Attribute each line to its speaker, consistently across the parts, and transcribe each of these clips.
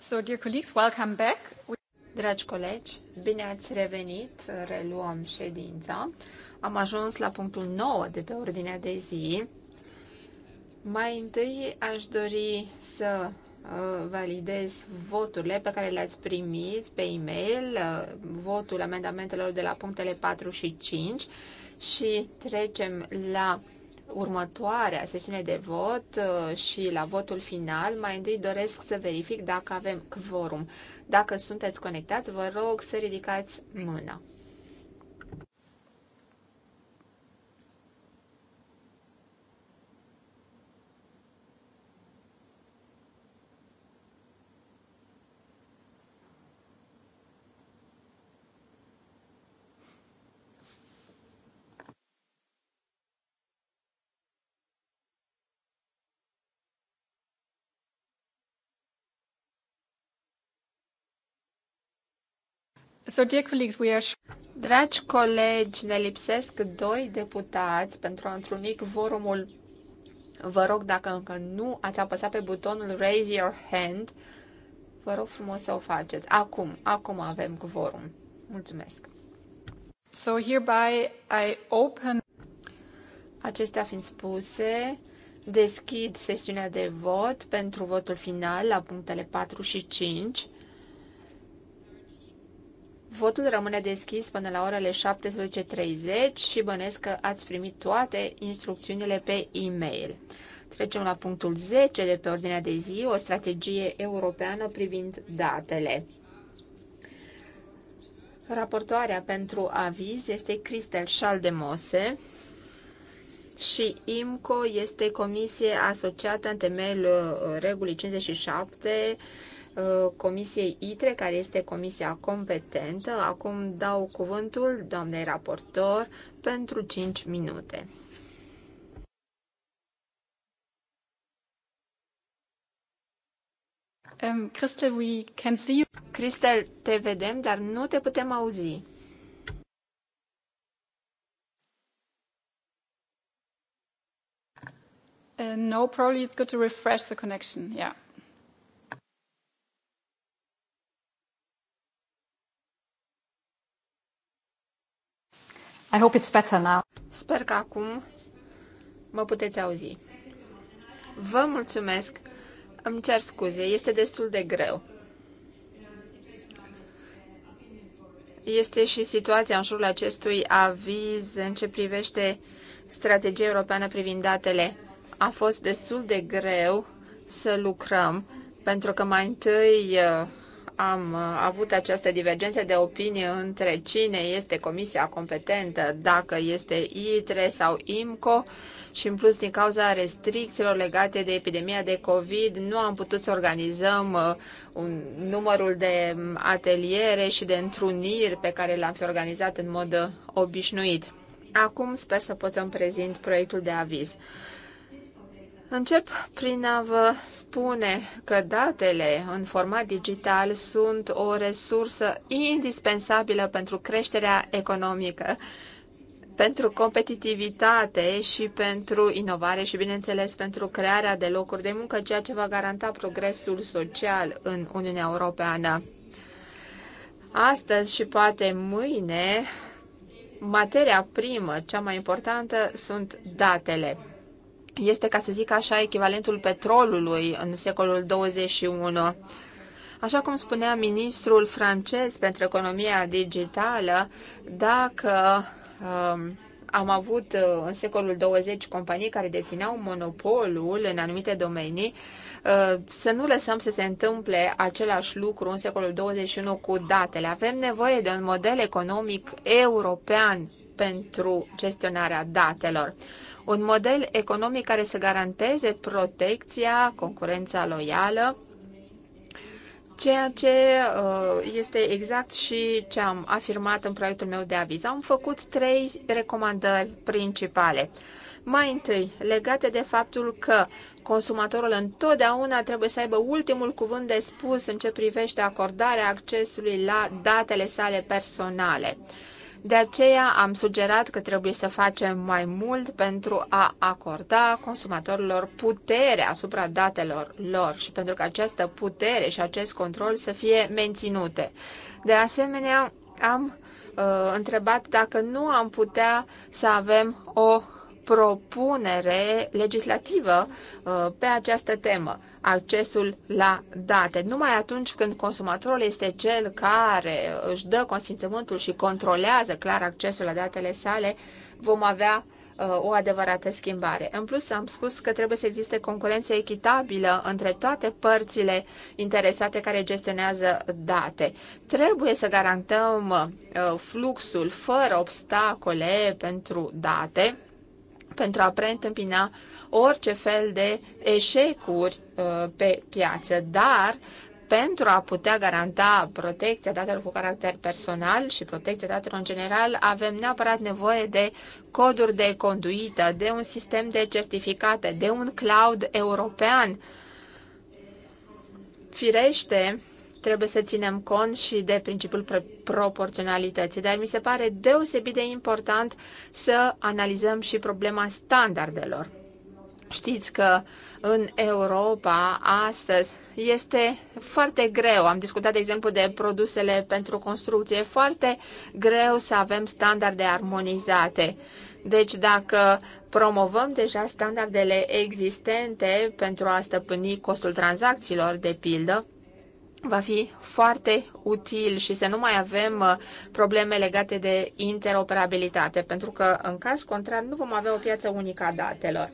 Speaker 1: So, dear colleagues, welcome back. We... Dragi colegi, bine ați revenit, reluăm ședința. Am ajuns la punctul 9 de pe ordinea de zi. Mai întâi aș dori să uh, validez voturile pe care le-ați primit pe e-mail, uh, votul amendamentelor de la punctele 4 și 5 și trecem la următoarea sesiune de vot uh, și la votul final, mai întâi doresc să verific dacă avem quorum. Dacă sunteți conectați, vă rog să ridicați mâna. So, dear colleagues, we are... Dragi colegi, ne lipsesc doi deputați pentru a întruni vorumul. Vă rog, dacă încă nu ați apăsat pe butonul Raise Your Hand, vă rog frumos să o faceți. Acum, acum avem vorum. Mulțumesc. So hereby I open... Acestea fiind spuse, deschid sesiunea de vot pentru votul final la punctele 4 și 5. Votul rămâne deschis până la orele 17.30 și bănesc că ați primit toate instrucțiunile pe e-mail. Trecem la punctul 10 de pe ordinea de zi, o strategie europeană privind datele. Raportoarea pentru aviz este Cristel Schaldemose și IMCO este comisie asociată în temeiul uh, regulii 57 Uh, Comisiei ITRE, care este comisia competentă. Acum dau cuvântul doamnei raportor pentru 5 minute. Um, Christel, we can see you. Christel, te vedem, dar nu te putem auzi.
Speaker 2: Uh, no, probably it's good to refresh the connection, yeah.
Speaker 1: I hope it's better now. Sper că acum mă puteți auzi. Vă mulțumesc. Îmi cer scuze, este destul de greu. Este și situația în jurul acestui aviz în ce privește strategia europeană privind datele. A fost destul de greu să lucrăm, pentru că mai întâi uh, am uh, avut această divergență de opinie între cine este comisia competentă, dacă este ITRE sau IMCO și în plus din cauza restricțiilor legate de epidemia de COVID nu am putut să organizăm uh, un, numărul de um, ateliere și de întruniri pe care le-am fi organizat în mod uh, obișnuit. Acum sper să pot să-mi prezint proiectul de aviz. Încep prin a vă spune că datele în format digital sunt o resursă indispensabilă pentru creșterea economică, pentru competitivitate și pentru inovare și, bineînțeles, pentru crearea de locuri de muncă, ceea ce va garanta progresul social în Uniunea Europeană. Astăzi și poate mâine, materia primă, cea mai importantă, sunt datele este, ca să zic așa, echivalentul petrolului în secolul 21. Așa cum spunea ministrul francez pentru economia digitală, dacă um, am avut uh, în secolul 20 companii care dețineau monopolul în anumite domenii, uh, să nu lăsăm să se întâmple același lucru în secolul 21 cu datele. Avem nevoie de un model economic european pentru gestionarea datelor un model economic care să garanteze protecția, concurența loială, ceea ce uh, este exact și ce am afirmat în proiectul meu de aviz. Am făcut trei recomandări principale. Mai întâi, legate de faptul că consumatorul întotdeauna trebuie să aibă ultimul cuvânt de spus în ce privește acordarea accesului la datele sale personale. De aceea am sugerat că trebuie să facem mai mult pentru a acorda consumatorilor putere asupra datelor lor și pentru că această putere și acest control să fie menținute. De asemenea, am uh, întrebat dacă nu am putea să avem o propunere legislativă uh, pe această temă, accesul la date. Numai atunci când consumatorul este cel care își dă consimțământul și controlează clar accesul la datele sale, vom avea uh, o adevărată schimbare. În plus, am spus că trebuie să existe concurență echitabilă între toate părțile interesate care gestionează date. Trebuie să garantăm uh, fluxul fără obstacole pentru date pentru a preîntâmpina orice fel de eșecuri uh, pe piață, dar pentru a putea garanta protecția datelor cu caracter personal și protecția datelor în general, avem neapărat nevoie de coduri de conduită, de un sistem de certificate, de un cloud european. Firește, Trebuie să ținem cont și de principiul proporționalității, dar mi se pare deosebit de important să analizăm și problema standardelor. Știți că în Europa astăzi este foarte greu, am discutat de exemplu de produsele pentru construcție, foarte greu să avem standarde armonizate. Deci dacă promovăm deja standardele existente pentru a stăpâni costul tranzacțiilor, de pildă, va fi foarte util și să nu mai avem uh, probleme legate de interoperabilitate, pentru că în caz contrar nu vom avea o piață unică a datelor.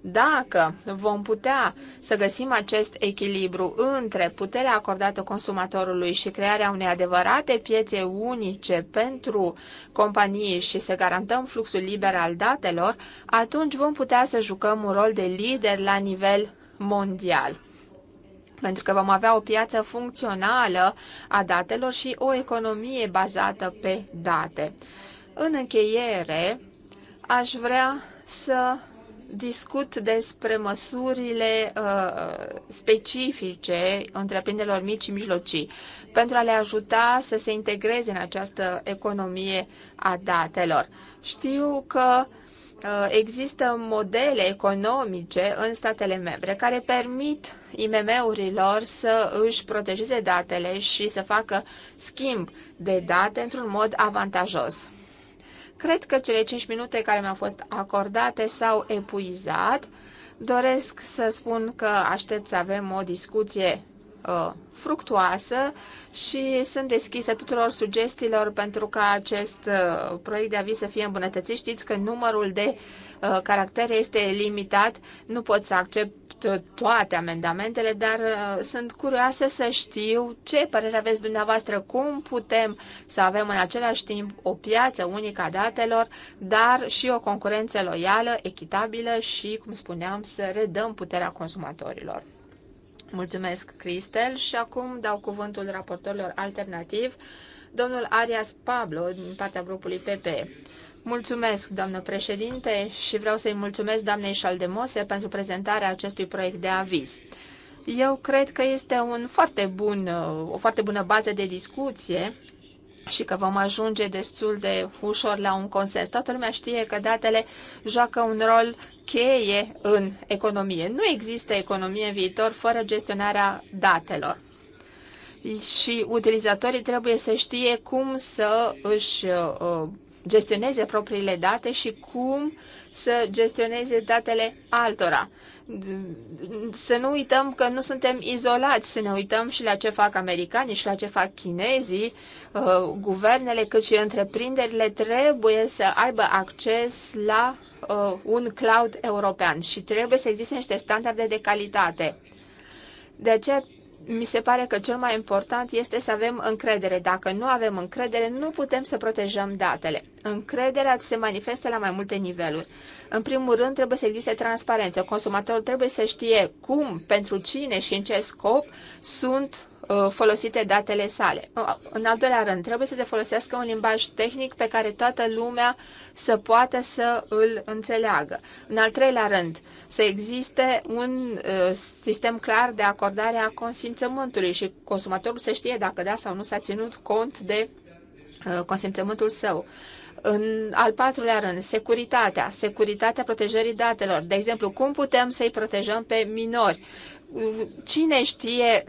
Speaker 1: Dacă vom putea să găsim acest echilibru între puterea acordată consumatorului și crearea unei adevărate piețe unice pentru companii și să garantăm fluxul liber al datelor, atunci vom putea să jucăm un rol de lider la nivel mondial pentru că vom avea o piață funcțională a datelor și o economie bazată pe date. În încheiere, aș vrea să discut despre măsurile uh, specifice întreprinderilor mici și mijlocii pentru a le ajuta să se integreze în această economie a datelor. Știu că uh, Uh, există modele economice în statele membre care permit IMM-urilor să își protejeze datele și să facă schimb de date într-un mod avantajos. Cred că cele 5 minute care mi-au fost acordate s-au epuizat. Doresc să spun că aștept să avem o discuție uh, fructuoasă și sunt deschise tuturor sugestiilor pentru ca acest uh, proiect de aviz să fie îmbunătățit. Știți că numărul de uh, caractere este limitat, nu pot să accept uh, toate amendamentele, dar uh, sunt curioasă să știu ce părere aveți dumneavoastră, cum putem să avem în același timp o piață unică a datelor, dar și o concurență loială, echitabilă și, cum spuneam, să redăm puterea consumatorilor. Mulțumesc, Cristel, și acum dau cuvântul raportorilor alternativ, domnul Arias Pablo, din partea grupului PP. Mulțumesc, doamnă președinte, și vreau să-i mulțumesc doamnei Șaldemose pentru prezentarea acestui proiect de aviz. Eu cred că este un foarte bun, o foarte bună bază de discuție și că vom ajunge destul de ușor la un consens. Toată lumea știe că datele joacă un rol cheie în economie. Nu există economie în viitor fără gestionarea datelor. Și utilizatorii trebuie să știe cum să își uh, gestioneze propriile date și cum să gestioneze datele altora. Să nu uităm că nu suntem izolați, să ne uităm și la ce fac americanii și la ce fac chinezii. Uh, guvernele cât și întreprinderile trebuie să aibă acces la uh, un cloud european și trebuie să existe niște standarde de calitate. De aceea mi se pare că cel mai important este să avem încredere. Dacă nu avem încredere, nu putem să protejăm datele. Încrederea se manifestă la mai multe niveluri. În primul rând, trebuie să existe transparență. Consumatorul trebuie să știe cum, pentru cine și în ce scop sunt Uh, folosite datele sale. Uh, în al doilea rând, trebuie să se folosească un limbaj tehnic pe care toată lumea să poată să îl înțeleagă. În al treilea rând, să existe un uh, sistem clar de acordare a consimțământului și consumatorul să știe dacă da sau nu s-a ținut cont de consimțământul său. În al patrulea rând, securitatea, securitatea protejării datelor. De exemplu, cum putem să-i protejăm pe minori? Cine știe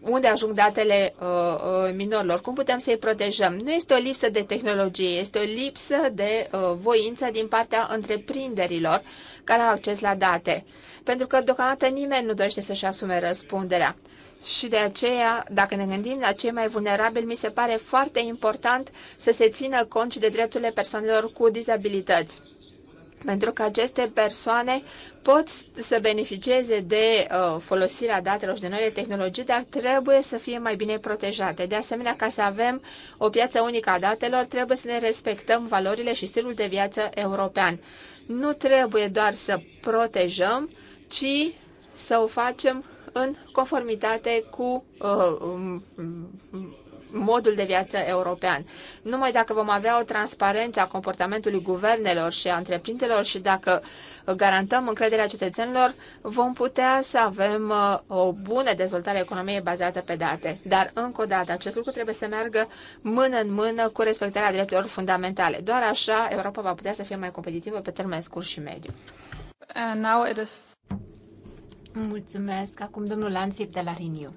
Speaker 1: unde ajung datele uh, uh, minorilor, cum putem să-i protejăm. Nu este o lipsă de tehnologie, este o lipsă de uh, voință din partea întreprinderilor care au acces la date. Pentru că deocamdată nimeni nu dorește să-și asume răspunderea. Și de aceea, dacă ne gândim la cei mai vulnerabili, mi se pare foarte important să se țină cont și de drepturile persoanelor cu dizabilități pentru că aceste persoane pot să beneficieze de uh, folosirea datelor și de noile tehnologii, dar trebuie să fie mai bine protejate. De asemenea, ca să avem o piață unică a datelor, trebuie să ne respectăm valorile și stilul de viață european. Nu trebuie doar să protejăm, ci să o facem în conformitate cu uh, um, modul de viață european. Numai dacă vom avea o transparență a comportamentului guvernelor și a întreprinderilor și dacă garantăm încrederea cetățenilor, vom putea să avem uh, o bună dezvoltare a economiei bazată pe date. Dar, încă o dată, acest lucru trebuie să meargă mână în mână cu respectarea drepturilor fundamentale. Doar așa Europa va putea să fie mai competitivă pe termen scurt și mediu. now it is... Mulțumesc. Acum domnul Lansip
Speaker 2: de la Renew.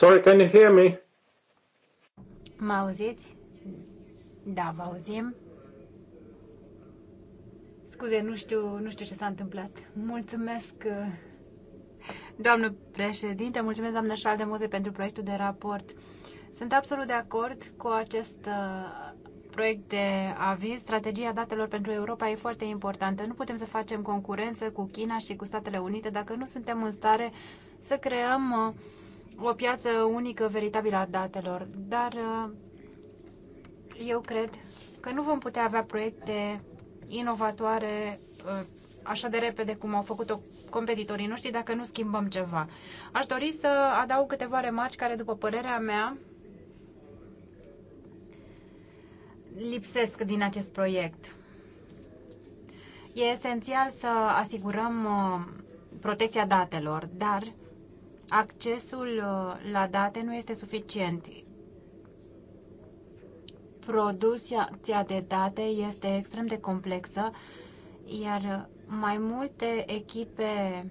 Speaker 1: Sorry, can you hear me?
Speaker 2: Mă auziți? Da, vă auzim. Scuze, nu știu, nu știu ce s-a întâmplat. Mulțumesc, uh, doamnă președinte, mulțumesc, doamnă Moze, pentru proiectul de raport. Sunt absolut de acord cu acest uh, proiect de aviz. Strategia datelor pentru Europa e foarte importantă. Nu putem să facem concurență cu China și cu Statele Unite dacă nu suntem în stare să creăm uh, o piață unică veritabilă a datelor, dar uh, eu cred că nu vom putea avea proiecte inovatoare uh, așa de repede cum au făcut-o competitorii noștri dacă nu schimbăm ceva. Aș dori să adaug câteva remarci care, după părerea mea, lipsesc din acest proiect. E esențial să asigurăm uh, protecția datelor, dar accesul uh, la date nu este suficient. Producția de date este extrem de complexă, iar mai multe echipe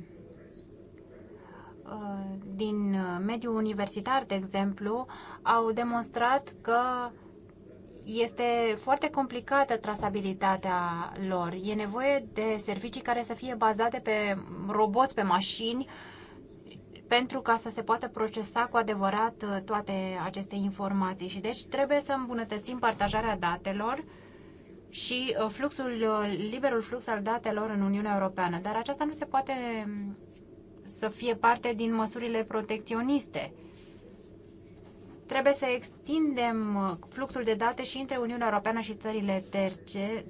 Speaker 2: uh, din mediul universitar, de exemplu, au demonstrat că este foarte complicată trasabilitatea lor. E nevoie de servicii care să fie bazate pe roboți, pe mașini, pentru ca să se poată procesa cu adevărat uh, toate aceste informații. Și deci trebuie să îmbunătățim partajarea datelor și uh, fluxul, uh, liberul flux al datelor în Uniunea Europeană. Dar aceasta nu se poate um, să fie parte din măsurile protecționiste. Trebuie să extindem fluxul de date și între Uniunea Europeană și țările terțe,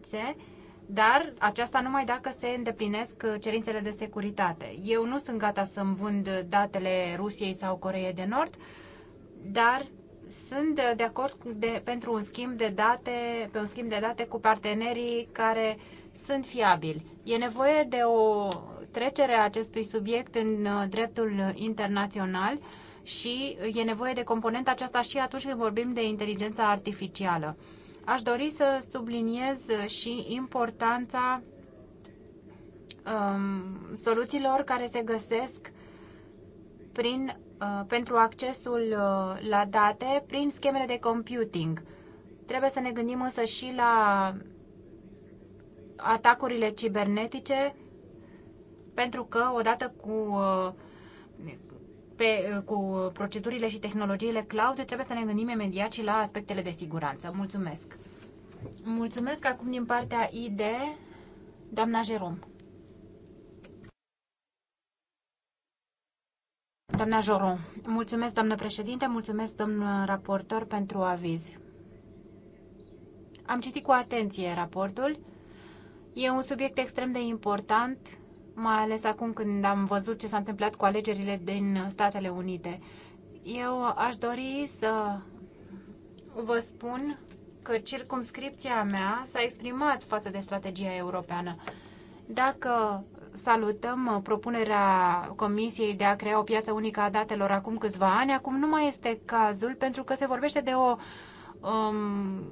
Speaker 2: dar aceasta numai dacă se îndeplinesc uh, cerințele de securitate. Eu nu sunt gata să-mi vând datele Rusiei sau Coreei de Nord, dar sunt uh, de acord de, pentru un schimb de date, pe un schimb de date cu partenerii care sunt fiabili. E nevoie de o trecere a acestui subiect în uh, dreptul internațional și e nevoie de componenta aceasta și atunci când vorbim de inteligența artificială. Aș dori să subliniez și importanța um, soluțiilor care se găsesc prin, uh, pentru accesul uh, la date prin schemele de computing. Trebuie să ne gândim însă și la atacurile cibernetice, pentru că odată cu uh, pe, cu procedurile și tehnologiile cloud, trebuie să ne gândim imediat și la aspectele de siguranță. Mulțumesc! Mulțumesc acum din partea ID, doamna Jerom. Doamna Joron, mulțumesc, doamnă președinte, mulțumesc, domnul raportor, pentru aviz. Am citit cu atenție raportul. E un subiect extrem de important mai ales acum când am văzut ce s-a întâmplat cu alegerile din Statele Unite. Eu aș dori să vă spun că circumscripția mea s-a exprimat față de strategia europeană. Dacă salutăm propunerea Comisiei de a crea o piață unică a datelor acum câțiva ani, acum nu mai este cazul pentru că se vorbește de o um,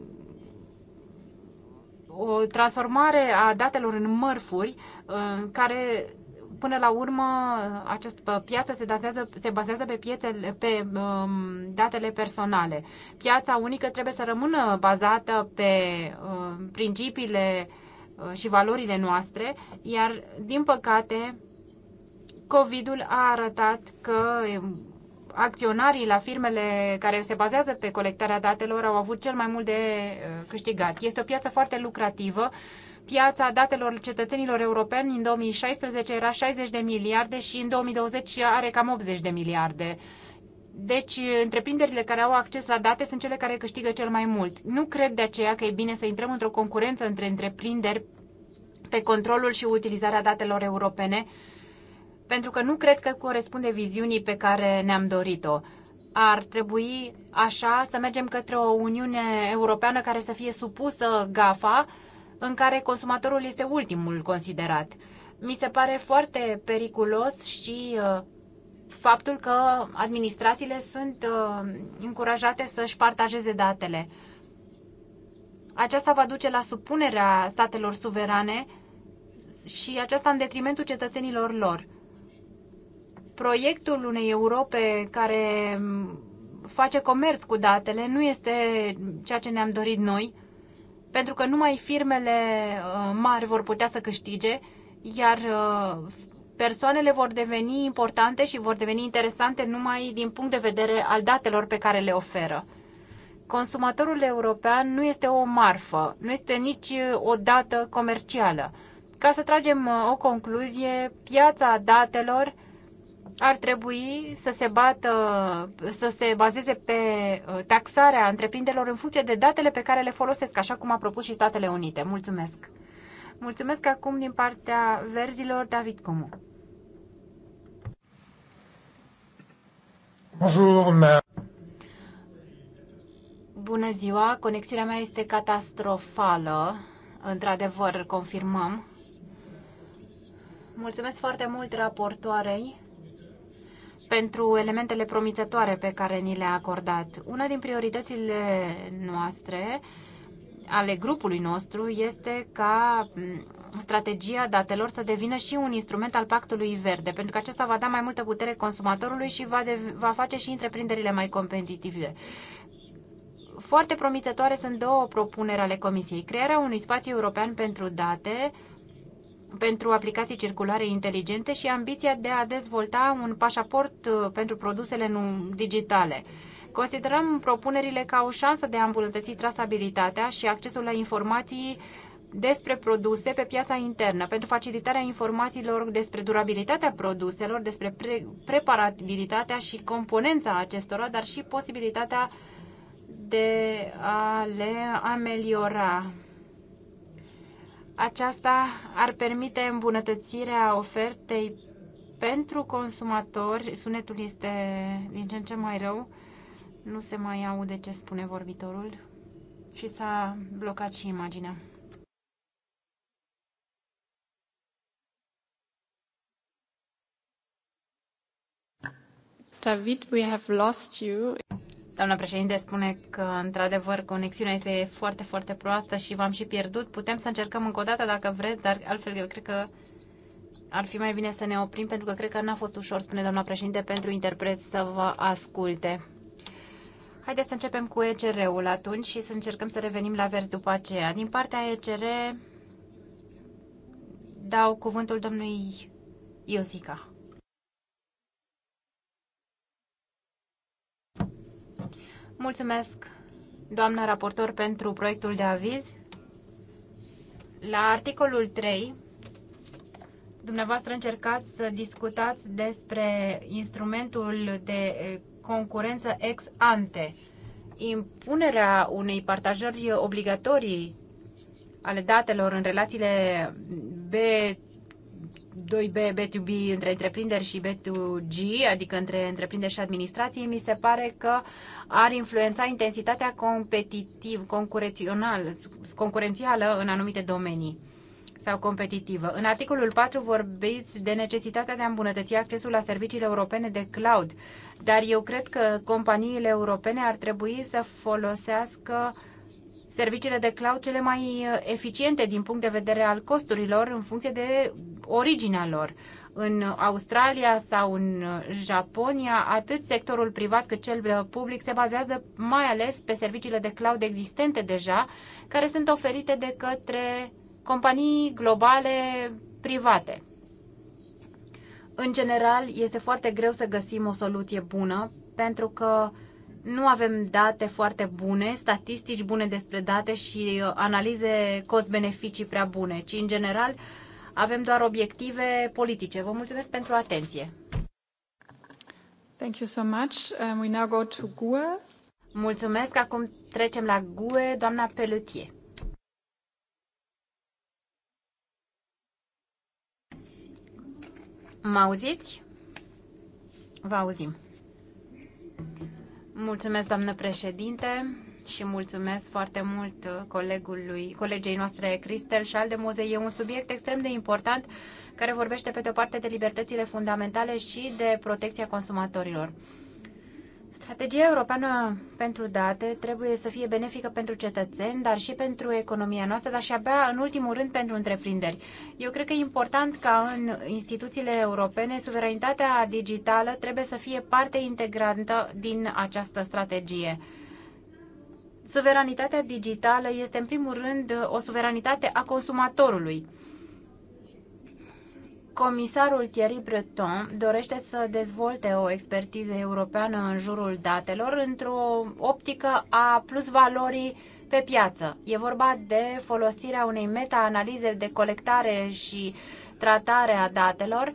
Speaker 2: o transformare a datelor în mărfuri uh, care până la urmă această uh, piață se, dasează, se bazează pe, piețele, pe um, datele personale. Piața unică trebuie să rămână bazată pe um, principiile și valorile noastre, iar din păcate COVID-ul a arătat că um, acționarii la firmele care se bazează pe colectarea datelor au avut cel mai mult de uh, câștigat. Este o piață foarte lucrativă. Piața datelor cetățenilor europeni în 2016 era 60 de miliarde și în 2020 are cam 80 de miliarde. Deci, uh, întreprinderile care au acces la date sunt cele care câștigă cel mai mult. Nu cred de aceea că e bine să intrăm într-o concurență între întreprinderi pe controlul și utilizarea datelor europene, pentru că nu cred că corespunde viziunii pe care ne-am dorit-o. Ar trebui așa să mergem către o Uniune Europeană care să fie supusă GAFA, în care consumatorul este ultimul considerat. Mi se pare foarte periculos și uh, faptul că administrațiile sunt uh, încurajate să-și partajeze datele. Aceasta va duce la supunerea statelor suverane și aceasta în detrimentul cetățenilor lor proiectul unei Europe care face comerț cu datele nu este ceea ce ne-am dorit noi, pentru că numai firmele uh, mari vor putea să câștige, iar uh, persoanele vor deveni importante și vor deveni interesante numai din punct de vedere al datelor pe care le oferă. Consumatorul european nu este o marfă, nu este nici o dată comercială. Ca să tragem uh, o concluzie, piața datelor ar trebui să se bată, să se bazeze pe uh, taxarea întreprinderilor în funcție de datele pe care le folosesc, așa cum a propus și Statele Unite. Mulțumesc! Mulțumesc acum din partea verzilor David Comu. Bonjour, Bună ziua! Conexiunea mea este catastrofală. Într-adevăr, confirmăm. Mulțumesc foarte mult raportoarei pentru elementele promițătoare pe care ni le-a acordat. Una din prioritățile noastre, ale grupului nostru, este ca strategia datelor să devină și un instrument al pactului verde, pentru că acesta va da mai multă putere consumatorului și va, de, va face și întreprinderile mai competitive. Foarte promițătoare sunt două propuneri ale Comisiei. Crearea unui spațiu european pentru date, pentru aplicații circulare inteligente și ambiția de a dezvolta un pașaport uh, pentru produsele digitale. Considerăm propunerile ca o șansă de a îmbunătăți trasabilitatea și accesul la informații despre produse pe piața internă, pentru facilitarea informațiilor despre durabilitatea produselor, despre pre- preparabilitatea și componența acestora, dar și posibilitatea de a le ameliora. Aceasta ar permite îmbunătățirea ofertei pentru consumatori. Sunetul este din ce în ce mai rău. Nu se mai aude ce spune vorbitorul și s-a blocat și imaginea. David, we have lost you. Doamna președinte spune că, într-adevăr, conexiunea este foarte, foarte proastă și v-am și pierdut. Putem să încercăm încă o dată dacă vreți, dar altfel eu cred că ar fi mai bine să ne oprim, pentru că cred că n-a fost ușor, spune doamna președinte, pentru interpret să vă asculte. Haideți să începem cu ECR-ul atunci și să încercăm să revenim la vers după aceea. Din partea ECR dau cuvântul domnului Iosica. Mulțumesc, doamna raportor, pentru proiectul de aviz. La articolul 3, dumneavoastră încercați să discutați despre instrumentul de eh, concurență ex ante. Impunerea unei partajări obligatorii ale datelor în relațiile B, 2B, B2B între întreprinderi și B2G, adică între întreprinderi și administrații, mi se pare că ar influența intensitatea competitiv, concurențială în anumite domenii sau competitivă. În articolul 4 vorbiți de necesitatea de a îmbunătăți accesul la serviciile europene de cloud, dar eu cred că companiile europene ar trebui să folosească uh, serviciile de cloud cele mai uh, eficiente din punct de vedere al costurilor în funcție de originea lor. În Australia sau în uh, Japonia, atât sectorul privat cât cel uh, public se bazează mai ales pe serviciile de cloud existente deja, care sunt oferite de către companii globale private. În general, este foarte greu să găsim o soluție bună pentru că uh, nu avem date foarte bune, statistici bune despre date și uh, analize cost-beneficii prea bune, ci în general avem doar obiective politice. Vă mulțumesc pentru atenție. Thank you so much. Um, we now go to GUE. Mulțumesc. Acum trecem la GUE, doamna Pelutier. Mă auziți? Vă auzim. Mulțumesc, doamnă președinte, și mulțumesc foarte mult uh, colegului, colegei noastre Cristel Șaldemuze. E un subiect extrem de important care vorbește pe de o parte de libertățile fundamentale și de protecția consumatorilor. Strategia europeană pentru date trebuie să fie benefică pentru cetățeni, dar și pentru economia noastră, dar și abia în ultimul rând pentru întreprinderi. Eu cred că e important ca în instituțiile europene suveranitatea digitală trebuie să fie parte integrantă din această strategie. Suveranitatea digitală este în primul rând o suveranitate a consumatorului. Comisarul Thierry Breton dorește să dezvolte o expertiză europeană în jurul datelor într-o optică a plusvalorii pe piață. E vorba de folosirea unei meta-analize de colectare și tratare a datelor,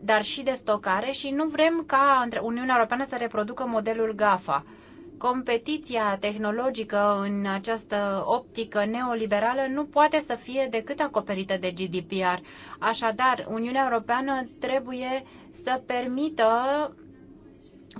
Speaker 2: dar și de stocare și nu vrem ca Uniunea Europeană să reproducă modelul GAFA – competiția tehnologică în această optică neoliberală nu poate să fie decât acoperită de GDPR. Așadar, Uniunea Europeană trebuie să permită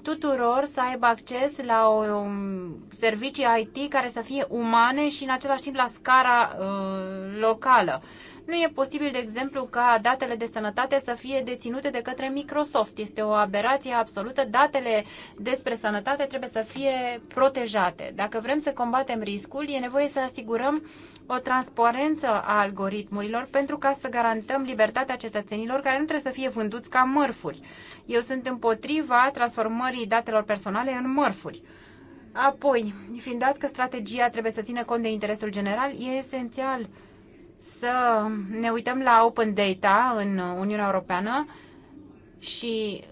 Speaker 2: tuturor să aibă acces la o, um, servicii IT care să fie umane și în același timp la scara uh, locală. Nu e posibil, de exemplu, ca datele de sănătate să fie deținute de către Microsoft. Este o aberație absolută. Datele despre sănătate trebuie să fie protejate. Dacă vrem să combatem riscul, e nevoie să asigurăm o transparență a algoritmurilor pentru ca să garantăm libertatea cetățenilor care nu trebuie să fie vânduți ca mărfuri. Eu sunt împotriva transformării datelor personale în mărfuri. Apoi, fiind dat că strategia trebuie să țină cont de interesul general, e esențial să ne uităm la open data în Uniunea Europeană și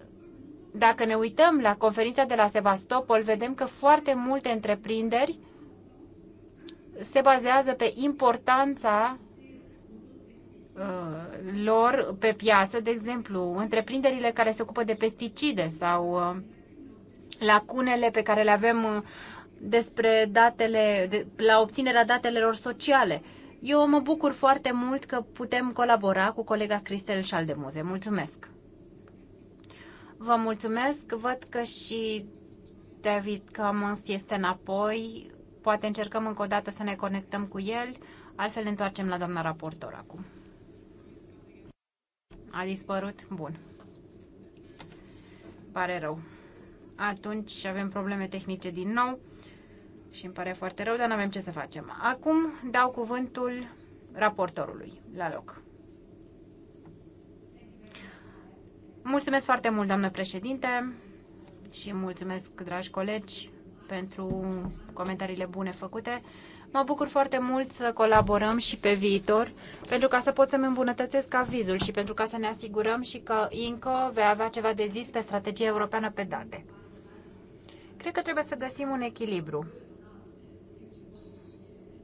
Speaker 2: dacă ne uităm la conferința de la Sebastopol, vedem că foarte multe întreprinderi se bazează pe importanța uh, lor pe piață, de exemplu, întreprinderile care se ocupă de pesticide sau uh, lacunele pe care le avem uh, despre datele, de, la obținerea datelor sociale. Eu mă bucur foarte mult că putem colabora cu colega Cristel Șaldemuze. Mulțumesc! Vă mulțumesc! Văd că și David Cummins este înapoi. Poate încercăm încă o dată să ne conectăm cu el, altfel ne întoarcem la doamna raportor acum. A dispărut? Bun. Pare rău. Atunci avem probleme tehnice din nou. Și îmi pare foarte rău, dar nu avem ce să facem. Acum dau cuvântul raportorului la loc. Mulțumesc foarte mult, doamnă președinte, și mulțumesc, dragi colegi, pentru comentariile bune făcute. Mă bucur foarte mult să colaborăm și pe viitor, pentru ca să pot să-mi îmbunătățesc avizul și pentru ca să ne asigurăm și că INCO vei avea ceva de zis pe strategia europeană pe date. Cred că trebuie să găsim un echilibru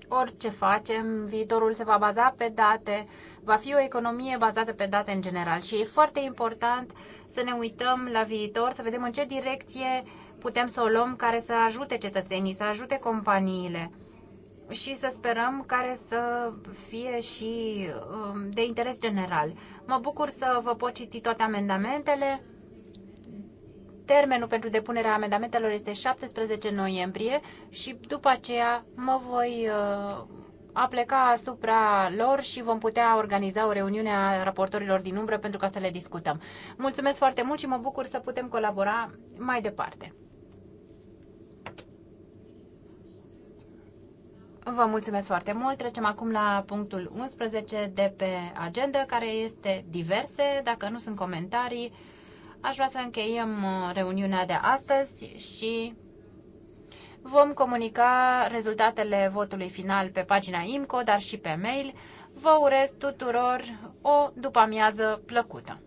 Speaker 2: orice facem, viitorul se va baza pe date, va fi o economie bazată pe date în general și e foarte important să ne uităm la viitor, să vedem în ce direcție putem să o luăm care să ajute cetățenii, să ajute companiile și să sperăm care să fie și um, de interes general. Mă bucur să vă pot citi toate amendamentele. Termenul pentru depunerea amendamentelor este 17 noiembrie și după aceea mă voi uh, a pleca asupra lor și vom putea organiza o reuniune a raportorilor din umbră pentru ca să le discutăm. Mulțumesc foarte mult și mă bucur să putem colabora mai departe. Vă mulțumesc foarte mult. Trecem acum la punctul 11 de pe agenda, care este diverse. Dacă nu sunt comentarii, Aș vrea să încheiem uh, reuniunea de astăzi și vom comunica rezultatele votului final pe pagina IMCO, dar și pe mail. Vă urez tuturor o după-amiază plăcută!